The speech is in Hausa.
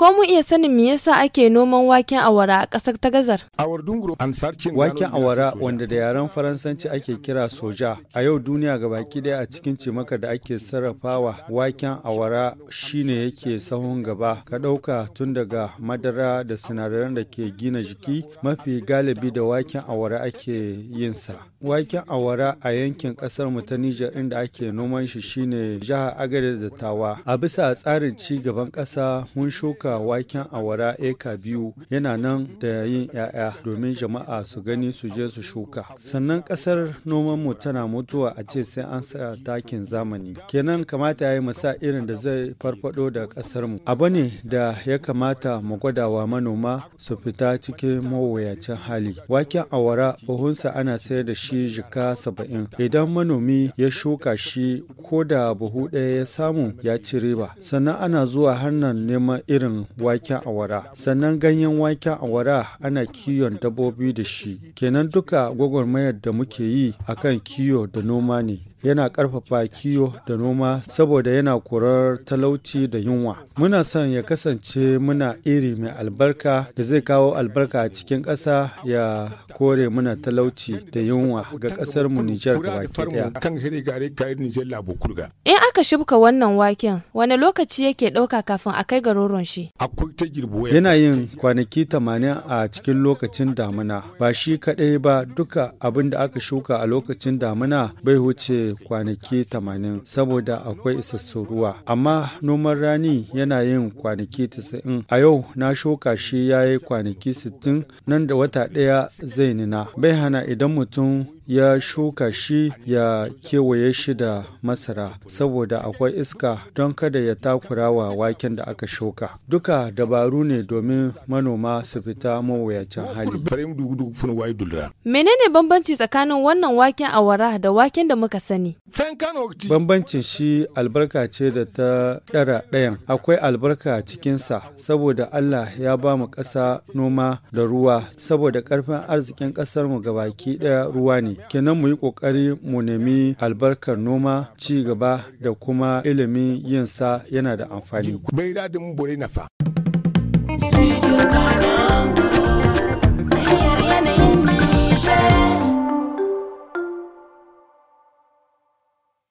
Ko mu iya sanin me yasa ake noman waken awara a ƙasar ta gazar? Waken awara wanda da yaren Faransanci ake kira soja a yau duniya ga baki daya a cikin cimaka da ake sarrafawa waken awara shine yake sahun gaba ka ɗauka tun daga madara da sinadaran da ke gina jiki mafi galibi da waken awara ake yin sa. Waken awara a yankin ƙasar mu ta Nijar inda ake noman shi shine jihar Agadez da Tawa. A bisa tsarin ci gaban ƙasa mun shuka shuka waken awara eka biyu yana nan da yin 'ya'ya domin jama'a su gani su je su shuka sannan kasar nomanmu tana mutuwa a ce sai an sa takin zamani kenan kamata ya yi masa irin da zai farfado da kasarmu abu ne da ya kamata mu gwada wa manoma su fita cikin mawuyacin hali waken awara buhunsa ana sayar da shi jika saba'in idan manomi ya shuka shi ko da buhu ɗaya ya samu ya ci riba sannan ana zuwa hannan neman irin ganyen waken awara sannan ganyen waken awara ana kiwon dabbobi da shi kenan duka gwagwarmayar da muke yi akan kiwo da noma ne yana karfafa kiwo da noma saboda yana korar talauci da yunwa muna son ya kasance muna iri mai albarka da zai kawo albarka a cikin ƙasa ya kore muna talauci da yunwa ga ƙasar mu Nijar ɗaya. In aka shibka wannan waken wani lokaci yake ɗauka kafin a kai garuruwan shi? Yana yin kwanaki tamanin a cikin lokacin damina, ba shi kaɗai ba duka abin da aka shuka a lokacin damina bai wuce kwanaki tamanin saboda akwai isassun ruwa. Amma noman rani yana yin kwanaki tisa'in. A yau na shuka shi ya yi kwanaki sittin nan da wata ɗaya zai nina. Bai hana idan mutum ya shuka shi ya kewaye shi da masara saboda akwai iska don kada ya takura wa waken da aka shuka. Duka dabaru ne domin manoma su fita mawuyacin hali. Menene bambanci tsakanin wannan waken awara da waken da muka sani? Bambancin shi albarka ce da ta ɗara ɗayan. Akwai albarka cikinsa saboda Allah ya ba mu ƙasa noma da ruwa saboda ƙarfin arzikin ƙasarmu gabaki ɗaya ruwa ne kenan mu yi ƙoƙari mu nemi albarkar noma ci gaba da kuma ilimin yin sa yana da amfani. Bai dadin bore nafa. Studio